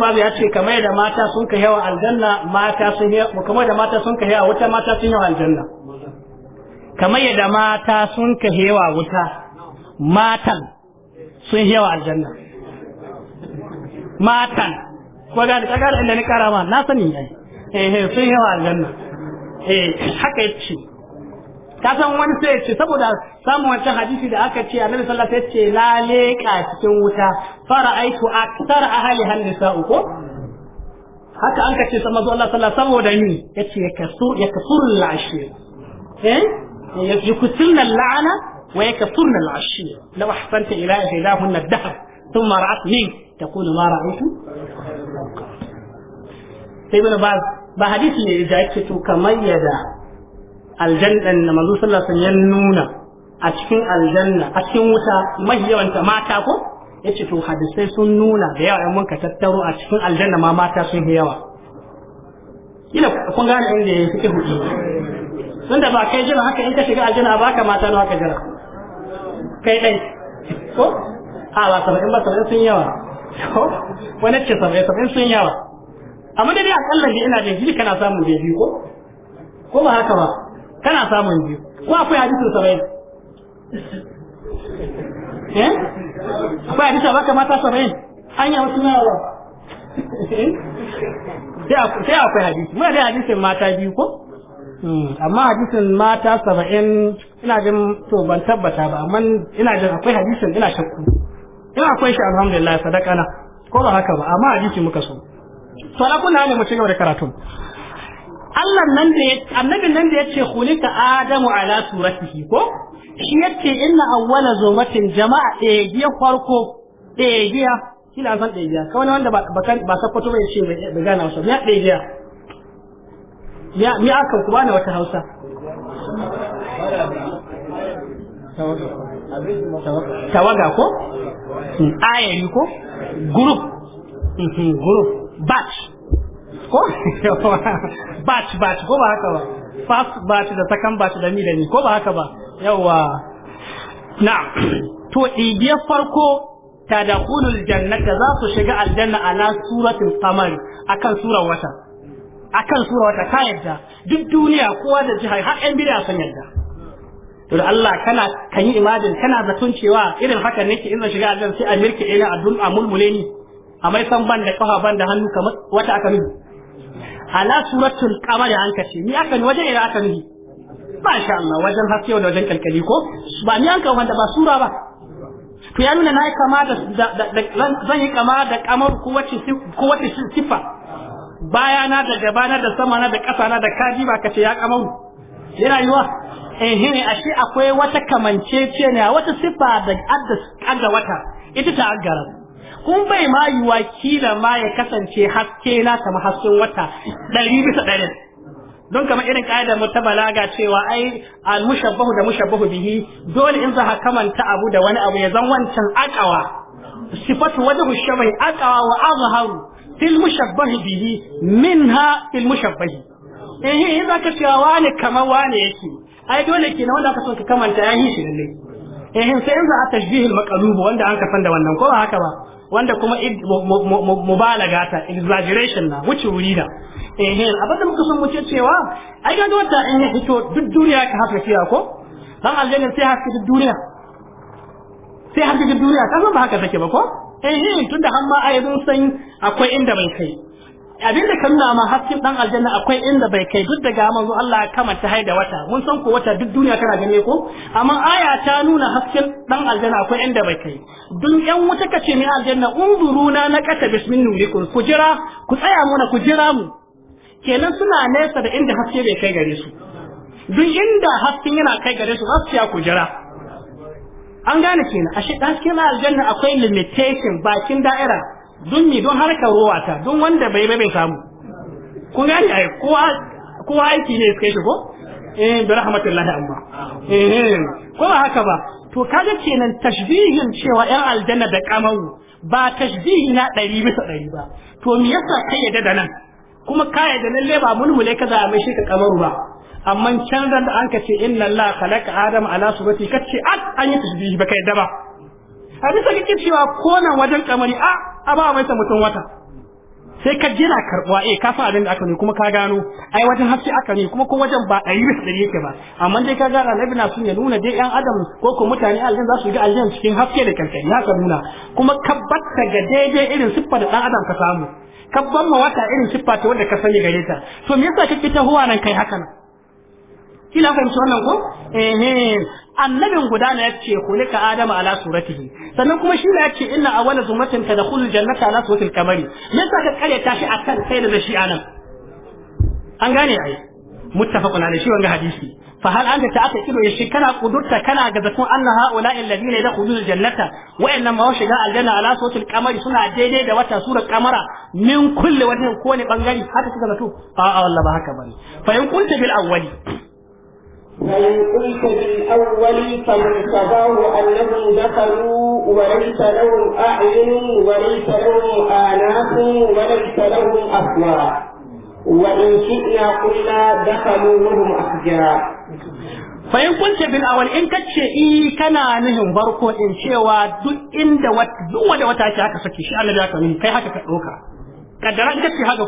babu ya ce kamar da mata sun ka yawa aljanna mata sun yawa kamar da mata sun ka yawa wuta mata sun yawa aljanna kamar yadda mata sun ka yawa wuta matan sun yawa aljanna matan ko ga da kaga da ni karama na sani ehe eh, sun yawa ganna eh haka yace ka san wani sai ce saboda samun wancan hadisi da aka ce annabi sallallahu alaihi wasallam ya ce la leka cikin wuta fara'aitu aktar ahli hannisa'u ko haka an kace sama zuwa Allah sallallahu saboda ni yace ya kasu ya al ashir eh يكثرن al-ashir العشير لو ila إلى إلههن الدهر thumma ra'at min taqulu ma ra'aytu sai ibn ba hadisi ne da yake to kamar yadda aljannan na manzo sallallahu alaihi wasallam nuna a cikin aljanna a cikin wuta mai yawanta mata ko yace to hadisai sun nuna da yawa mun ka tattaro a cikin aljanna ma mata sun yi yawa ina kun gane inda ya fi hudu sun da ba kai jira haka in ka shiga aljanna ba ka mata nawa ka jira kai dai ko ala ba ba saba'in sun yawa ko wani ce saba'in saba'in sun yawa amma dai kallon da ina jin kana samun da biyu ko ko ba haka ba kana samun biyu ko akwai da saba'in eh akwai hadisin ba kamata saba'in an yi wasu nawa eh? sai akwai hadisi muna da hadisin mata biyu ko hmm. amma hadisin mata saba'in ina jin to ban tabbata ba amma ina jin akwai hadisin ina shakku ina akwai shi alhamdulillah sadaka na ko ba haka ba amma hadisi muka so to ala kullu hali mu ci gaba da karatun? Allah nan da annabin nan da ya ce khuliqa adamu ala suratihi ko shi yace inna awwala zumatin jama'a eh giya farko eh giya kila san ɗaya giya kawai wanda ba ba sakwato bai ce bai gana wasu ya eh giya ya mi aka ku na wata Hausa tawaga ko hmm, ayayi ko group hmm, hmm, group bate. ko bate, bate, ko ba haka ba first bate da second bate da ni da ni ko ba haka ba Yawwa. na to igiyar farko ta da kunul jannata za su shiga aljanna a suratun samar a kan sura wata A kan sura wata ka yadda duk duniya kowa da jihar har yan bid'a san yadda to Allah kana kan yi imajin kana zaton cewa irin haka nake in zan shiga aljanna sai a mirke ina a mulmule ni a mai san ban da kafa ban da hannu kamar wata aka nuhi. ala suratul qamar an kace ni aka wajen ira aka ba sha Allah wajen haske da wajen kalkali ko ba ni an kawo da ba sura ba to ya nuna nayi kama da zan yi kama da kamar ko wace sifa bayana da gabana da sama na da na da kaji ba kace ya kamar ya yiwa eh ne ashe akwai wata ne wata sifa da adda wata ita ta aggara kun bai ma yiwa kila ma ya kasance haske na kama hasken wata ɗari bisa ɗarin don kama irin ƙa'ida mu ta balaga cewa ai al mushabbahu da mushabbahu bihi dole in za ka kamanta abu da wani abu ya zan wancan akawa sifatu wajhu shabahi akawa wa azharu fil mushabbahi bihi minha fil mushabbahi eh in eh, za ka cewa wani kama wani yake ai dole kenan wanda aka son ka kamanta ya yi shi lalle eh sai in za a tashbihil maqlub wanda an ka san da wannan ko ba haka ba wanda kuma mubalaga ta exaggeration na wuce wuri na eh eh abin muka san mu ce cewa ai ga wata in ya fito duk duniya ka haka kiya ko dan aljanna sai haka duk duniya sai haka duk duniya ka san ba haka take ba ko eh eh tunda har ma ayyukan mun san akwai inda bai kai abinda ka nuna ma hasken dan aljanna akwai inda bai kai duk daga manzo Allah ya kamanta haida wata mun san ko wata duk duniya tana gane ko amma aya ta nuna hasken dan aljanna akwai inda bai kai dun yan wuta kace ni aljanna unzuruna na kata bismin nurikum ku jira ku tsaya muna ku jira mu kenan suna nesa da inda haske bai kai gare su duk inda hasken yana kai gare su haskiya ku jira an gane kenan ashe dan cikin aljanna akwai limitation bakin da'ira don mi don harkar rowa ta don wanda bai bai samu kun gani ai kowa aiki ne suka shi ko eh bi rahmatullahi amma eh ko ba haka ba to kaga kenan tashbihin cewa yan aljanna da kamaru ba tashbihi na ɗari bisa ɗari ba to me yasa kai yadda da nan kuma ka yadda lalle ba mulmule ka za a mai shi ka kamaru ba amma can da an ka ce inna allaha khalaqa adama ala subati kace at an yi tashbihi ba kai da ba a bisa kake cewa kona wajen kamari a a ba mai mutum wata sai ka jira karbuwa eh ka san abin da aka ne kuma ka gano ai wajen hafsi aka ne kuma ko wajen ba ɗari bisa dare yake ba amma dai ka gano annabi na sun ya nuna dai yan adam ko ko mutane a za su ga aljan cikin hafsi da ya ka nuna kuma kabbata ga daidai irin siffar da ɗan adam ka samu kabban ma wata irin siffa ta wanda ka sani gare ta to me yasa kake ta huwa nan kai haka nan kila fahimci wannan ko eh annabin guda na yace kulika adama ala suratihi sannan kuma shi ne yace inna awwala zumatin tadkhulul jannata ala suratil qamari yasa ka kare ta shi akan sai da shi anan an gane ai muttafaqun alaihi shi wanga hadisi fa hal anta ta'ata ido yashi kana kudurta kana ga zakun anna haula alladhina yadkhulul jannata wa inna ma shiga aljanna ala suratil kamari suna daidai da wata surar kamara, min kulli wajhin kowane bangare haka suka zato a'a wallahi ba haka bane fa in kunta bil awwali فإن قلت بالأول فمن فمرتضاه أنهم دخلوا وليس لهم أعين وليس لهم آناف وليس لهم أسماء وإن شئنا قلنا دخلوا لهم أحجار فإن قلت بالأول إن كتشئي كنا نهم باركو إن شئوا دو إن دوات دو دوات عشاء كسكي شأن لك من كيحك كتروكا كدران كتشي هذا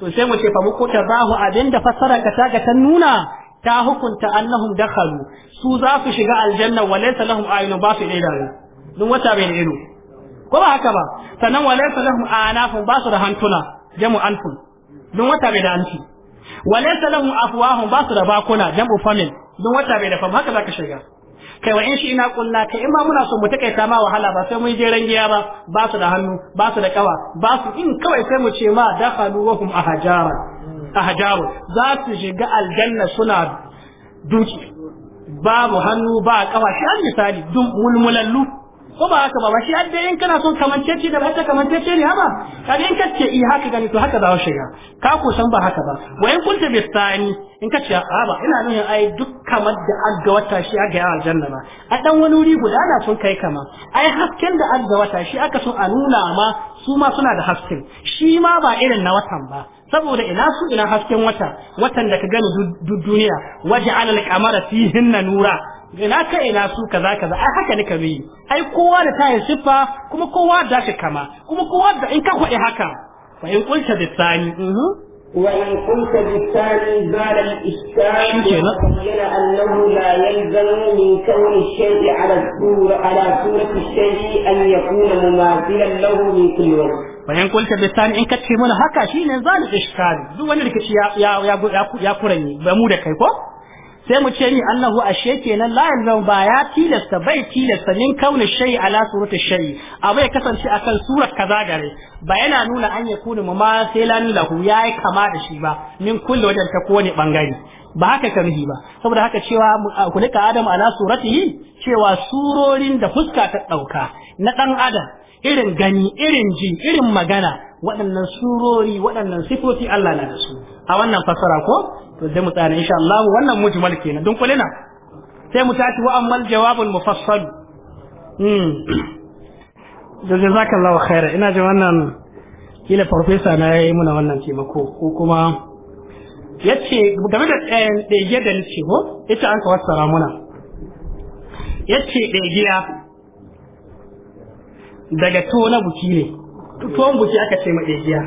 فو سيما شئ فمكو تضاه أدن دفصرا كتاكة نونا ta hukunta annahum dakhalu su za su shiga aljanna wa laysa lahum ayun ba su idanu dun wata bai ido ko ba haka ba sannan wa laysa lahum anafun ba su da hantuna jamu anfun dun wata bai da anfi wa laysa lahum afwahun ba su da bakuna jamu famin dun wata bai da fam haka zaka shiga kai wa in shi ina kulla kai in ma muna so mu takaita ma wahala ba sai mun je rangiya ba ba su da hannu ba su da kawa ba su in kawai sai mu ce ma dakhalu wa hum ahjara ahjaru za su shiga aljanna suna duki babu hannu ba kafa shi an misali dun mulmulallu ko ba haka ba ba shi hadda in kana son kamancece da bata kamancece ne haba kada in kace i haka gani to haka za shiga ka ko san ba haka ba wa in kunta bisani in kace a ba ina nuna ai duk kamar da an ga wata shi aka yi aljanna ba a dan wani wuri guda na son kai kama ai hasken da an ga wata shi aka so a nuna ma su ma suna da hasken shi ma ba irin na watan ba saboda ina su ina hasken wata watan da ka gani duk duniya waje alal kamara fihin na nura ina ka ina su kaza kaza ai haka nika yi ai kowa da tayin siffa kuma kowa da shi kama kuma kowa da in ka kwaɗi haka fa in kulta bisani mhm. وإن قلت بالثاني زال الإشكال وتبين أنه لا يلزم من كون الشيء على الصورة على صورة الشيء أن يكون مماثلا له من كل وجه وإن قلت بالثاني إن كتشي kace هكا شيء زال الإشكال. iskali duk wani يا يا يا ya ya kuranyi ba sai mu ce ni annahu ashe kenan la yalzamu ba ya tilasta bai tilasta min kauna shay ala surati shay abu ya kasance akan surar kaza gare ba yana nuna an yakuna ma sai la lahu yayi kama da shi ba min kulle wajen ta kowane bangare ba haka ka ba saboda haka cewa kulika adam ala suratihi cewa surorin da fuska ta dauka na dan adam irin gani irin ji irin magana waɗannan surori waɗannan sifofi Allah na da su a wannan fasara ko to sai mu tsaya insha Allah wannan mujmal kenan don kulina sai mu tashi wa amal jawabul mufassal hmm da jazakallahu khaira ina ji wannan kila professor na yayi muna wannan taimako ko kuma yace game da eh, yaje da nace ko yace an ka wassara muna yace ɗagiya daga to na buki ne to buki aka ce ma ɗagiya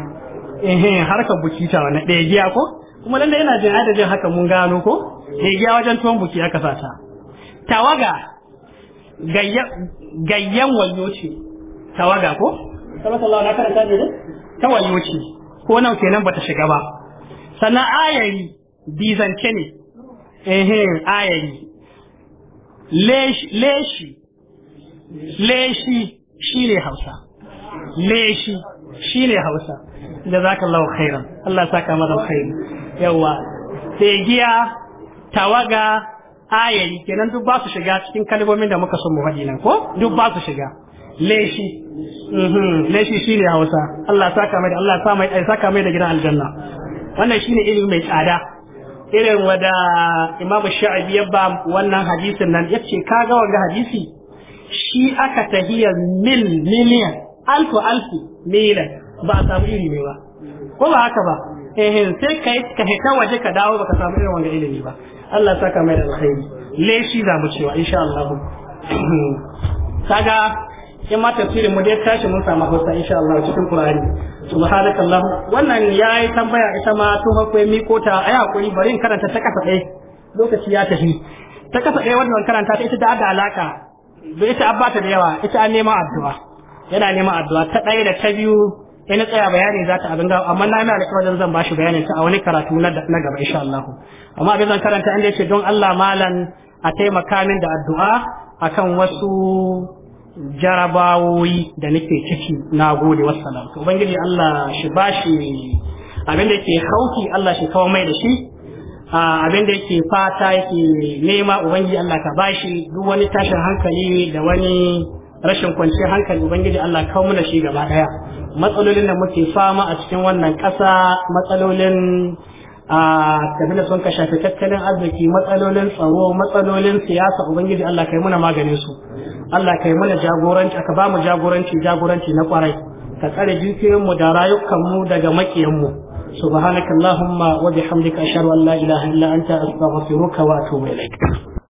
eh harkar buki ta wannan ɗagiya ko kuma lalle ina jin adadin haka mun gano ko giya wajen tuwon buki aka sata tawaga gayyan wallo ce tawaga ko sallallahu alaihi wa ta ne ta wallo ce ko nan kenan bata shiga ba sannan ayari bizance ne eh ayari leshi leshi shine hausa leshi shine hausa jazakallahu khairan Allah saka maka alkhairi yawa giya tawaga ayari kenan duk ba su shiga cikin kalmomin da muka son mu nan ko duk ba su shiga leshi mhm. leshi shine Hausa Allah saka mai da Allah sa mai saka mai da gidan aljanna wannan shine ilimi mai tsada irin wada Imam Sha'abi ya ba wannan hadisin nan yace kaga wanga hadisi shi aka tahiyar mil miliyan alfu alfu miliyan ba a samu iri ba ko ba haka ba ehin sai ka ka hita waje ka dawo baka samu irin wanga ilimi ba Allah ya saka mai da alkhairi leshi za mu cewa insha Allah kaga in ma tafsirin mu dai tashi mun samu hausa insha Allah cikin Qur'ani subhanakallah wannan yayi tambaya ita ma to hakwai mi kota ai hakuri bari in karanta ta kasa ɗaya lokaci ya tafi ta kasa dai wannan karanta ta ita da da alaka ita abbata da yawa ita an neman addu'a yana neman addu'a ta ɗaya da ta biyu sai na tsaya bayani za ta abin gawa amma na alƙawar da zan bashi bayanin ta a wani karatu na gaba insha Allah amma abin zan karanta inda yace don Allah malan a taimaka min da addu'a akan wasu jarabawoyi da nake ciki na gode wassalam to ubangiji Allah shi bashi abin da yake hauki Allah shi kawo mai da shi abin da yake fata yake nema ubangiji Allah ka bashi duk wani tashin hankali da wani rashin kwanciyar hankali ubangiji Allah kawo mana shi gaba daya matsalolin da muke fama a cikin wannan ƙasa matsalolin a sun ka shafi tattalin arziki matsalolin tsaro matsalolin siyasa ubangiji Allah kai muna maganin su Allah kai mana jagoranci aka ba mu jagoranci jagoranci na kwarai ka tsare dukiyoyin mu da rayukan mu daga makiyan mu subhanakallahumma wa bihamdika ashhadu an la ilaha illa anta astaghfiruka wa atubu ilaik